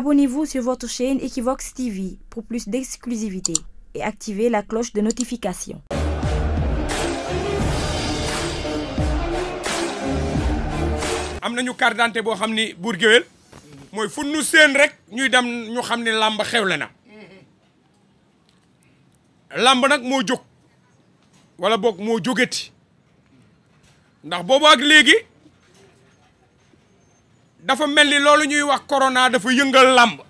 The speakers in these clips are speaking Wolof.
Abonnez-vous sur votre chaîne Equivox TV pour plus d'exclusivité et activez la cloche de notification. am nañu carte boo xam ni buur géwél mooy fu nu seen rek ñuy dem ñu xam ne làmb xewle na nag moo jóg wala boog moo jógati ndax boobu ak léegi dafa mel ni loolu ñuy wax corona dafa yëngal làmb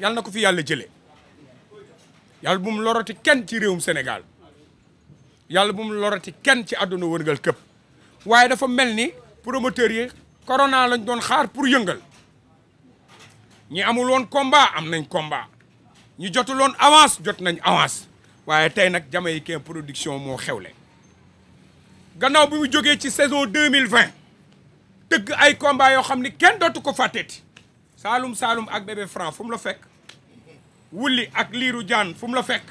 yàlla na ko fi yàlla jëlee yàlla bu mu lorati kenn ci réewum Sénégal yàlla bu mu lorati kenn ci àdduna wërngal këpp waaye dafa mel ni promoteurs yi corona lañ doon xaar pour yëngal ñi amul woon combat am nañ combat ñi jotul woon avance jot nañ avance waaye tey nag Jamaïcain production moo xewle gannaaw bi mu jógee ci saison deux mille vingt tëgg ay combat yoo xam ni kenn dootu ko fàtteeti Saalum Saalum ak bébé franc fu la fekk wulli ak liiru jaan fu la fekk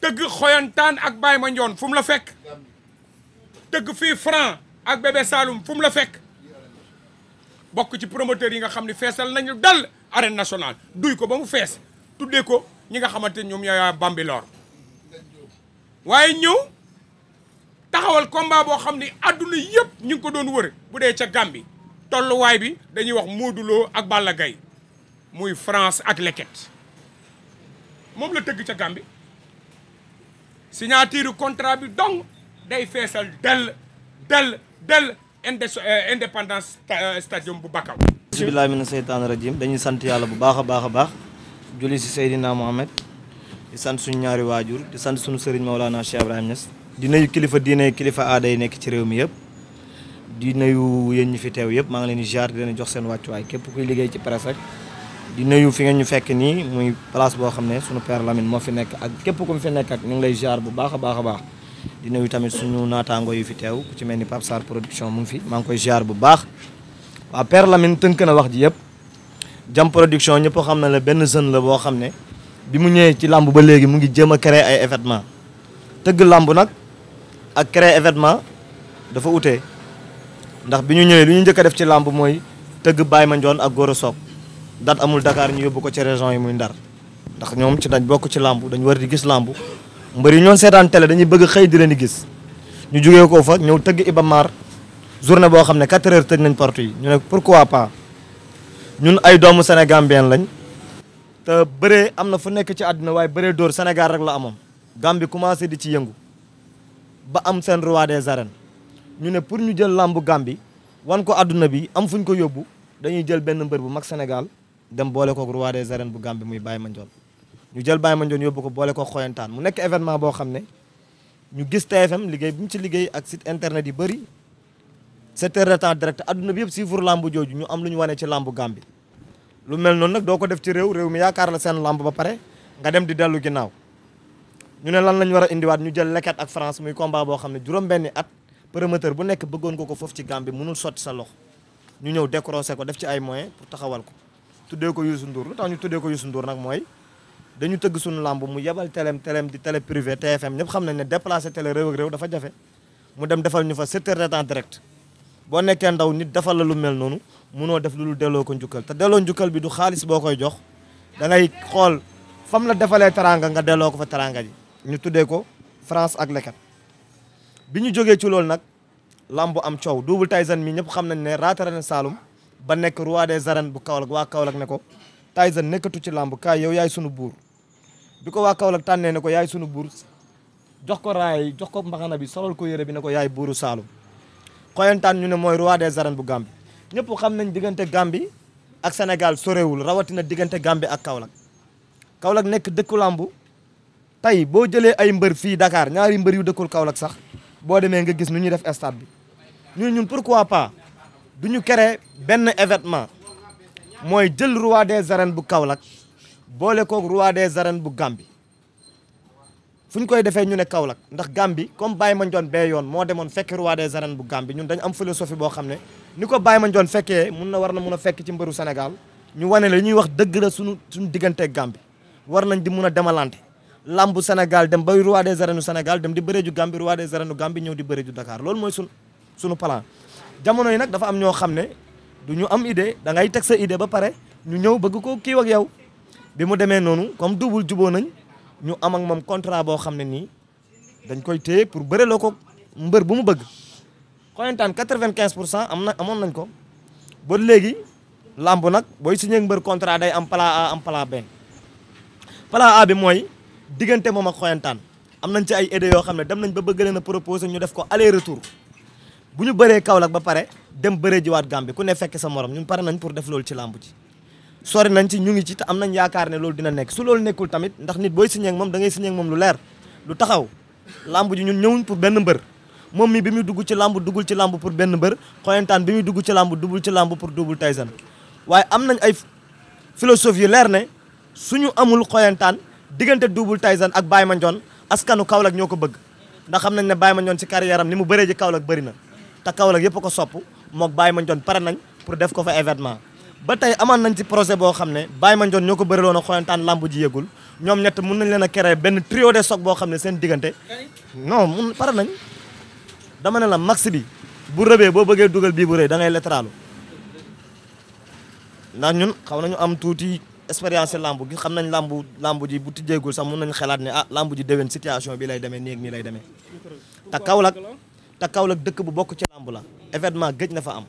tëgg xoyantaan ak Baye Mandione fu mu la fekk tëgg fii franc ak bébé Saalum fum la fekk bokk ci promoteur yi nga xam ne feesal nañu dal arène nationale duy ko ba mu fees tuddee ko ñi nga xamante ñoom ñooy Bambilor waaye ñëw taxawal combat boo xam ni adduna yëpp ñu ngi ko doon wër bu dee ca Gambie tolluwaay bi dañuy wax Modou Lo ak Balla Gaye muy France ak Leket moom la tëgg ca Gambie signature contrat bi dong day feesal dell dell dell euh, indépendance euh, stadium bu Bakaw. bisimilah mina seytaani rajim dañuy sant yàlla bu baax a baax a baax julli si Seydina Mohamed di sant suñu ñaari waajur di sant suñu sëriñ Maolana Cheikh Ibrahim Niass. di nuyu kilifa diine kilifa aada yi nekk ci réew mi yëpp di nuyu yéen ñu fi teew yëpp maa ngi leen di jaar di leen jox seen wàccuwaay képp ku liggéey ci presse ak di nuyu fi nga ñu fekk nii muy place boo xam ne suñu père Lamine moo fi nekk ak képp ku mu fi nekk ak ngi lay jaar bu baax a baax baax di nuyu tamit suñu naataango yu fi teew ci mel ni Pape Sarr production mu ngi fi maa ngi koy jaar bu baax waaw per Lamine tënk na wax ji yëpp jam production ñëpp xam na la benn jeune la boo xam ne bi mu ñëwee ci làmb ba léegi mu ngi jëm a créer ay événement tëgg làmb nag ak créer événement dafa utee ndax bi ñu ñëwee li ñu njëkk a def ci làmb mooy tëgg Baye Mandione ak Gora Sock dat amul dakaar ñu yóbbu ko ci région yi muy Ndar ndax ñoom ci dañ bokk ci làmb dañ war di gis làmb mbër yi ñoo seetaan télé dañuy bëgg xëy di leen di gis ñu jógee ko fa ñëw tëgg Iba Mar journée boo xam ne 4 heures tëj nañ porte yi ñu ne pourquoi pas ñun ay doomu Sénégambien lañ te bëree am na fu nekk ci àddina waaye bëree dóor Sénégal rek la amoon Gambie commencé di ci yëngu ba am seen roi des arènes ñu ne pour ñu jël làmbu Gàmbi wan ko adduna bi am fuñ ko yóbbu dañuy jël benn mbër bu mag Sénégal dem boole kook roi des arènes bu Gàmbi muy Baye Mandione ñu jël ma Mandione yóbbu ko boole ko xoyantaan mu nekk événement boo xam ne ñu gis TFM liggéey bi mu ci liggéey ak site internet yi bëri sept heures de temps direct àdduna bi yëpp suivre làmbu jooju ñu am lu ñu wane ci làmbu Gàmbi lu mel noonu nag doo ko def ci réew réew mi yaakaar la seen làmb ba pare nga dem di dellu ginnaaw ñu ne lan lañ war a indiwaat ñu jël leket ak France muy combat boo xam ne juróom-benni at promoteur bu nekk bëggoon ko ko foofu ci Gambie mënul sotti sa loxo ñu ñëw décroché ko def ci ay moyens pour taxawal ko tuddee ko Youssou Ndour lu tax ñu tuddee ko Youssou Ndour nag mooy dañu tëgg suñu làmb mu yebal tele teleem di télé privé TFM ñëpp xam nañ ne déplacé télé réew ak réew dafa jafe mu dem defal ñu fa 7 heures de direct boo nekkee ndaw nit defal la lu mel noonu munoo def lu delloo ko njukkal te delloo njukkal bi du xaalis boo koy jox da xool fam la defalee teraanga nga delloo ko fa teraanga ji ñu tuddee ko France ak leket bi ñu jógee ci loolu nag lambu am coow Double Tyson mi ñëpp xam nañ ne raatara na saalum ba nekk roi des arènes bu Kaolack waa Kaolack ne ko Tyson nekkatu ci lamb yow yaay sunu buur bi ko waa Kaolack tànnee ne ko yaay sunu buur jox ko raay jox ko mbaxana bi solol ko yére bi ne ko yaay buuru Saloum xoyantaan ñu ne mooy roi des arènes bu Gambie ñëpp xam nañ diggante Gambie ak Sénégal sorewul rawatina diggante Gambie ak Kaolack nekk dëkku lambu tey boo jëlee ay mbër fii Dakar ñaari mbër yu dëkkul Kaolack sax boo demee nga gis nu ñuy def stade bi ñu ñun ñun pourquoi pas du ñu créer benn événement mooy jël roi des arènes bu Kaolack boole koog roi des arènes bu Gambie fu ñu koy defee ñu ne Kaolack ndax Gambie baay ma Mandione bee yoon moo demoon fekk roi de arènes bu Gambie ñun dañ am philosophie boo xam ne ni ko Baye Mandione fekkee mun na war na mun a fekk ci mbëru senegal ñu wane la ñuy wax dëgg la suñu suñu diggante Gambie war nañ di mun a demalante lambu Sénégal dem ba roi des arènes Sénégal dem di bëre ju Gambie roi des arènes Gambie ñëw di bëre ju Dakar loolu mooy sunu sunu plan jamono yi nag dafa am ñoo xam ne du ñu am idée da ngay teg sa idée ba pare ñu ñëw bëgg ko kii ak yow bi mu demee noonu comme double juboo nañ ñu am ak moom contrat boo xam ne nii dañ koy téye pour bëre loo ko mbër bu mu bëgg xoyantaan quatre-vingt-quinze pour cent am na amoon nañ ko ba léegi lamb nag booy signé mbër contrat day am plan A am plan B A bi mooy diggante moom ak xoyantaan am nañ ci ay idées yoo xam ne dem nañ ba bëgg leen na proposé ñu def ko aller retour bu ñu kaw Kaolack ba pare dem bëree jiwaat Gambie ku ne fekk sa morom ñun pare nañ pour def loolu ci làmb ji sori nañ ci ñu ngi ci te am nañ yaakaar ne loolu dina nekk su loolu nekkul tamit ndax nit booy si ak moom da ngay signé ak moom lu leer lu taxaw làmb ji ñun ñëwuñ pour benn mbër moom mii bi muy dugg ci làmb duggul ci làmb pour benn mbër xoyantaan bi muy dugg ci làmb duggul ci làmb pour Double waaye am nañ ay philosophie yu leer ne suñu amul xoyantaan diggante Double Tyson ak baay Baye Mandione askanu Kaolack ñoo ko bëgg ndax xam nañ ne Baye Mandione ci carrière am ni mu bëree ji Kaolack bëri na te Kaolack yëpp ko sopp mook Baye Mandione pare nañ pour def ko fa événement ba tey amaan nañ ci projet boo xam ne Baye Mandione ñoo ko bëriloon a xoyantaan lamb ji yëgul ñoom ñett mun nañ leen a créer benn trio de choc boo xam ne seen diggante non mun pare nañ dama ne la max bi bu rëbee boo bëggee dugal bii bu da ngay lettraalu ndax ñun xaw nañu am tuuti expérience làmb gi xam nañ lamb lamb ji bu tijjeegul sax mun nañ xalaat ne ah lamb ji déwén situation bi lay demee nii ak nii lay demee te Kaolack te Kaolack dëkk bu bokk ci lamb la événement gëj na fa am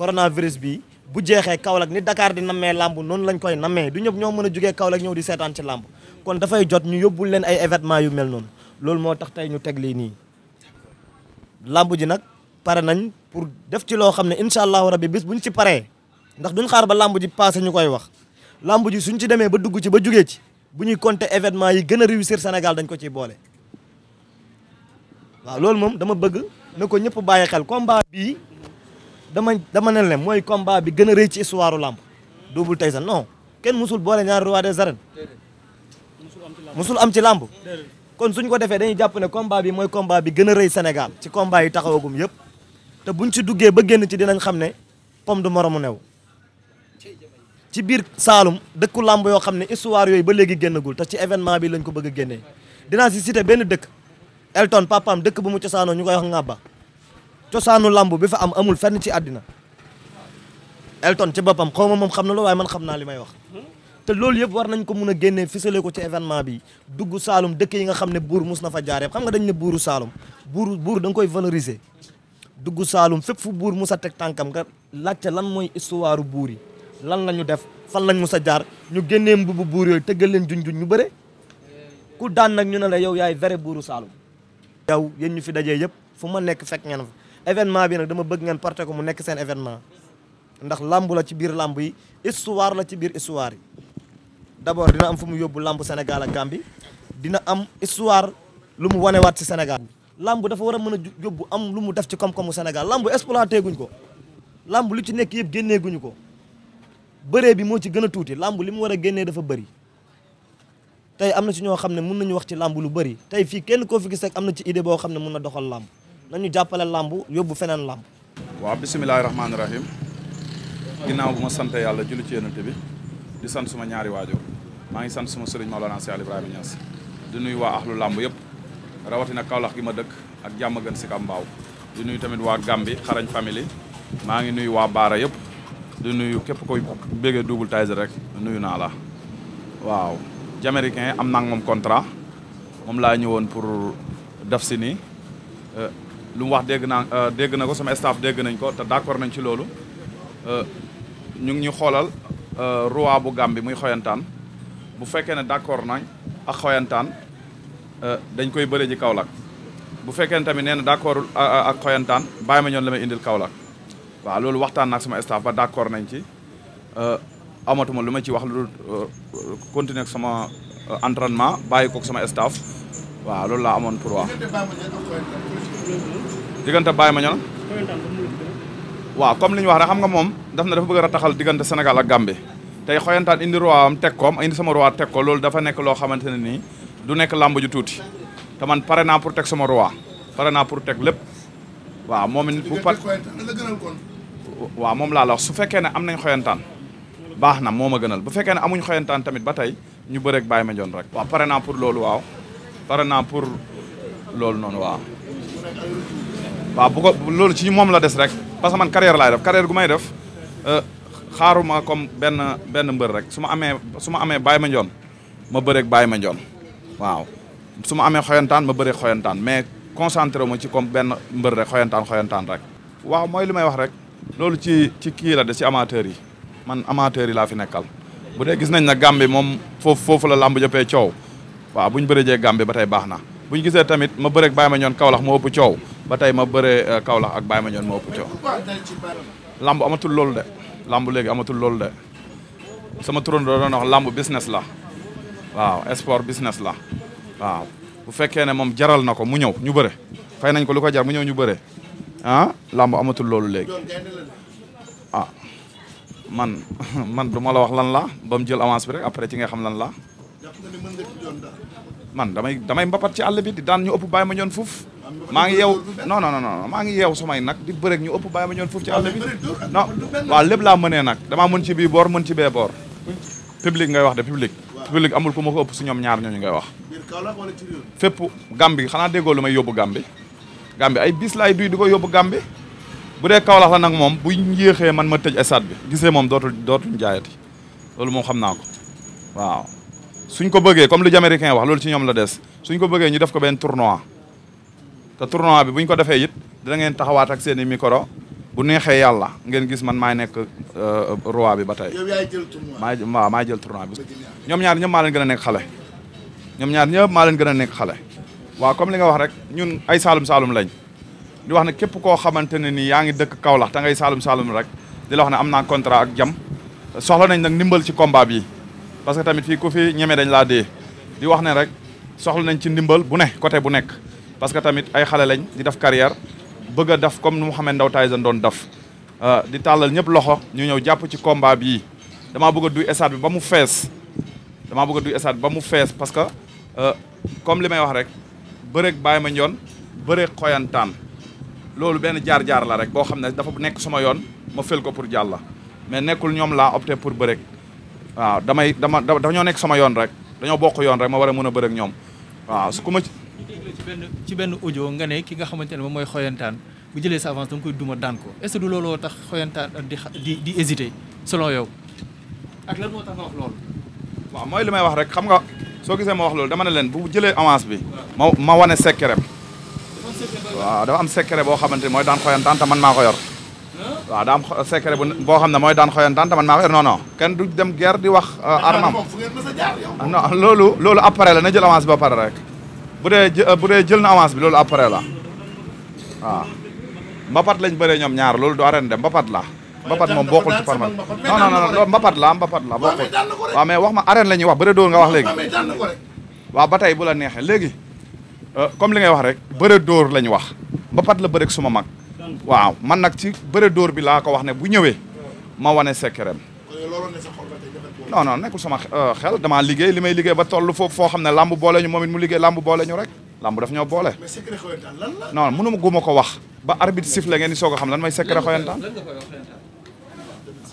coronavirus bi bu jeexee Kaolack ni dakaar di nammee làmb noonu lañ koy nammee du ñëpp ñoo mën a jógee Kaolack ñëw di seetaan ci làmb kon dafay jot ñu yóbbul leen ay événement yu mel noonu loolu moo tax tey ñu teg lii nii lamb ji nag pare nañ pour def ci loo xam ne incha allahu rabbi bis buñ ci paree ndax duñ xaar ba lamb ji passé ñu koy wax làmb ji suñ ci demee ba dugg ci ba jugee ci bu ñuy conté événement yi gën a réussir Sénégal dañ ko ciy boole waaw loolu moom dama bëgg na ko ñëpp bàyyi xel combat bii dama dama ne leen mooy comba bi gën a rëy ci histoire lamb tey Tyson non kenn musul boole ñaari roi des arènes musul am ci lamb kon suñ ko defee dañuy jàpp ne comba bi mooy combat bi gën a rëy Sénégal ci comba yi taxawagum yëpp te buñ ci duggee ba génn ci dinañ xam ne pomme de moromu new ci biir Saalum dëkku làmb yoo xam ne histoire yooyu ba léegi génnagul te ci événement bi lañ ko bëgg a génnee dinaa si cité benn dëkk Elton papaam dëkk ba mu cosaanoo ñu koy wax Ngabba cosaanu làmb bi fa am amul fenn ci àddina Elton ci boppam xaw ma moom xam na loolu waaye man xam naa li may wax te loolu yëpp war nañ ko mun a génnee ficelé ko ci événement bi dugg Saalum dëkk yi nga xam ne buur mus na fa jaaree xam nga dañ ne buuru Saalum buur buur da koy valoriser dugg Saalum fépp fu buur mus a teg tànkam nga laajte lan mooy histoire buur yi lan la ñu def fan lañ mus a jaar ñu génnee mbubu buur yooyu tëggal leen juñ juñ ñu bëre ku daan nag ñu ne la yow yaay vrai buuru Saloum. yow yéen ñu fi dajee yëpp fu ma nekk fekk ngeen événement bi nag dama bëgg ngeen porté ko mu nekk seen événement ndax lamb la ci biir làmb yi histoire la ci biir histoire yi d'abord dina am fu mu yóbbu làmb Sénégal ak Gambie dina am histoire lu mu wanewaat ci Sénégal. làmb dafa war a mën a yóbbu am lu mu def ci koom-koomu Sénégal làmb exploité guñ ko lamb lu ci nekk yëpp génnee guñu ko. bëree bi moo ci gën a tuuti làmb li mu war a génnee dafa bëri tey am na si ñoo xam ne mun nañu wax ci làmb lu bëri tey fii kenn koo fi gis am na ci idée boo xam ne mun na doxal làmb nañu jàppale làmb yóbbu feneen làmb waaw bisimilahi rahmaani rahim ginnaaw bu ma sante yàlla julli ci yonent bi di sant suma ñaari waajur maa ngi sant suma sëriñ Maolana Cheikh Ibrahima Niass di nuyu waa axlu làmb yëpp rawatina Kaolack gi ma dëkk ak jàmm gën si Kambaaw di nuyu tamit waa Gambi xarañ famille maa ngi nuyu waa yëpp di nuyu képp koy béggee Double Tyson rek nuyu naa la waaw Jamaïcain am naa moom contrat moom laa ñëwoon pour def si nii euh, lu mu wax dégg naa euh, dégg na ko sama staff dégg nañ ko te d'accord nañ ci loolu euh, ñu ngi ñu xoolal roi bu Gàmbi muy xoyantaan bu fekkee ne d'accord nañ ak xoyantaan dañ koy bëre ji Kaolack bu fekkee ne tamit nee na d'accord ak xoyantaan bàyyi ma ñoon la may indil Kaolack waaw loolu waxtaan naag sama staff ba d'accord nañ ci euh, amatuma lu ma ci wax lu euh, continuer sama euh, entraînement bàyyi kook sama staff waaw loolu laa amoon pour wax diggante bàyyi ma ñoon waaw comme li ñu wax rek xam nga moom daf na dafa bëgg a taxal diggante Sénégal a Gambie tey xoyantaan indi roiam teg koom indi sama roi teg ko loolu dafa nekk loo xamante ne nii du nekk làmb ju tuuti te man pare naa pour teg sama roi pare naa pour teg lépp waaw moom it pat waaw moom laa la wax su fekkee ne am nañ xoyantaan baax na moo ma gënal bu fekkee ne amuñ xoyantaan tamit ba tey ñu bëreeg baay ma joon rek. waaw pare pour loolu waaw pare naa pour loolu noonu waaw. waaw bu ko loolu ci moom la des rek parce que man carrière laay def carrière gu may def euh, xaaruma comme benn benn mbër rek su ma amee su ma amee bàyyi ma njoon ma bëreeg bàyyi ma njoon waaw su ma amee xoyantaan ma bëreeg xoyantaan mais concentré ma ci comme benn mbër rek xoyantaan xoyantaan rek. waaw mooy li may wax rek. loolu ci ci kii la de ci amateur yi man amateur yi laa fi nekkal bu dee gis nañ na Gambie moom foofu foofu la làmb jëppee coow waaw bu ñu bëree jee Gambie ba tey baax na bu ñu gisee tamit ma bëree ak Baye Mandione moo ëpp coow ba tey ma bëree euh, Kaolack ak Baye Mandione moo ëpp amatul loolu de làmb léegi amatul loolu de sama turon da doon wax làmb business la waaw sport business la waaw bu fekkee ne moom jaral na ko mu ñëw ñu bëre fay nañ ko lu ko jar mu ñëw ñu bëre ah làmb amatul loolu léegi ah man man du ma la wax lan la ba mu jël avance bi rek après ci nga xam lan la man damay damay mbapat ci àll bi di daan ñu ëpp bàyyi ma ñoon fuuf maa ngi yeew non non non maa ngi yeew samay nag di bërek ñu ëpp bàyyi ma ñoon fuuf ci àll bi non waaw lépp laa mënee nag damaa mën ci bii boor mën ci bee boor public ngay wax de public public amul ku ma ko ëpp si ñoom ñaar ñooñu ngay wax fépp Gambie xanaa déggoo lu may yóbbu Gambie Gambie ay bis laay duy di ko yóbbu Gambie bu dee Kaolack la nag moom bu yéexee man ma tëj stade bi gisee moom dootul dootuñ jaayati loolu moom xam naa ko waaw suñ ko bëggee comme li américain wax loolu ci ñoom la des suñ ko bëggee ñu def ko benn tournoi te tournoi bi buñ ko defee it dina ngeen taxawaat ak seen i micro bu neexee yàlla ngeen gis man maay nekk euh, roi bi ba tey. yow yaay jël tournoi jël tournoi bi. ñoom ñaar ñëpp maa leen gën a nekk xale. ñoom ñaar ñëpp maa leen gën a nekk xale. waaw comme li nga wax rek ñun ay saalum-saalum lañ di wax ne képp koo xamante ne ni yaa ngi dëkk Kaolack te ngay saalum-saalum rek di la wax ne am na contrat ak jam soxla nañ nag ndimbal ci combat bi parce que tamit fii ku fi ñeme dañ laa dee wax ne rek soxla nañ ci ndimbal bu ne côté bu nekk parce que tamit ay xale lañ di def carrière bëgg a def comme nu Mouhamed Ndao Tyson doon def euh, di tàllal ñëpp loxo ñu ñëw jàpp ci combat bii damaa bëgg a duy stade bi ba mu fees dama bëgg a duy stade ba mu fees parce que euh, comme li may wax rek bëreeg ma Mandione bëreeg xoyantaan loolu benn jaar-jaar la rek boo xam ne dafa nekk sama yoon ma fël ko pour jàlla mais nekkul ñoom laa opté pour bëreeg waaw damay dama dañoo nekk sama yoon rek dañoo bokk yoon rek ma war a mën a bëreeg ñoom waaw su ku ma ci benn ci benn audio nga ne ki nga xamante ne moom mooy xoyantaan bu jëlee sa avance danga koy duma daan ko est-ce que looloo tax xoyantaan di di hésité selon yow ak lan moo tax nga wax loolu waaw mooy li may wax rek xam nga soo gisee ma wax loolu dama leen bu jëlee avance bi ma ma wane secret waaw dafa am secret boo xamante ni mooy daan xoyantaan te man maa ko yor waaw daa am secret bu boo xam ne mooy daan xoyantaan te man maa ko yor kenn du dem geer di wax euh, armam non loolu loolu après la na jël avance bi ba pare rek bu dee bu dee jël na avance bi loolu après la waaw mbapat lañ bëre ñoom ñaar loolu du arène dem mbapat la mbapat moom bokkul ci farma non non non mbapat la mbapat la bokkul waaw mais wax ma arène la ñuy wax bëre dóor nga wax léegi waaw ba tey bu la neexee léegi euh, comme li ngay wax rek bëre door la wax mbapat la bëre suma mag waaw man nag ci bëre door bi laa ko wax ne bu ñëwee ma wane sekkerem non non nekkul sama euh, xel damaa liggéey li may liggéey ba toll foof foo xam ne làmb boole ñu moom it mu liggéey lamb boole ñu rek làmb daf ñoo boole non mënuma guma ko wax ba arbitre siffle ngeen di soog xam lan mooy secret xoyantaan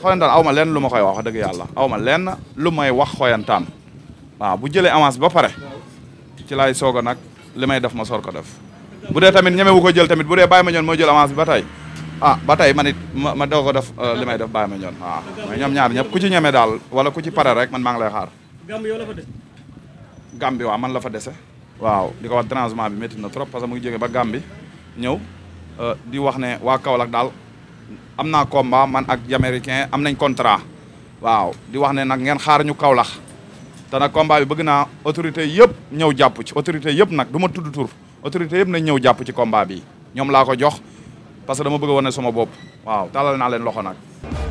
xoyantaan aw ma leen lu ma koy wax dëgg yàlla aw ma lenn lu may wax xoyantaan waaw bu jëlee avance ba pare ci laay soog a nag li may def ma soor ko def bu dee tamit ñeme wu ko jël tamit bu dee bàyyi ma ñoon mooy jël avance ba tay a ah, ba tey man it ma ma doog a def euh, li may def bàyyi ma ñoon waaw mais ñoom ñaar ñëpp ku ci ñeme daal wala ku ci pare rek man maa ngi lay xaar. Gàmbi yow man la fa dese. waaw di ko wax dérangement bi métti na trop parce que mu ngi ba Gàmbi ñëw euh, di wax ne waa Kaolack daal. am naa combat man ak Jamaïcain am nañ contrat waaw di wax ne nag ngeen xaar ñu Kaolack te nag combat bi bëgg naa autorité yëpp ñëw jàpp ci autorité yëpp nag du ma tudd tur autorité yëpp nañ ñëw jàpp ci combat bi ñoom laa ko jox parce que dama bëgg a wane sama bopp waaw talal naa leen loxo nag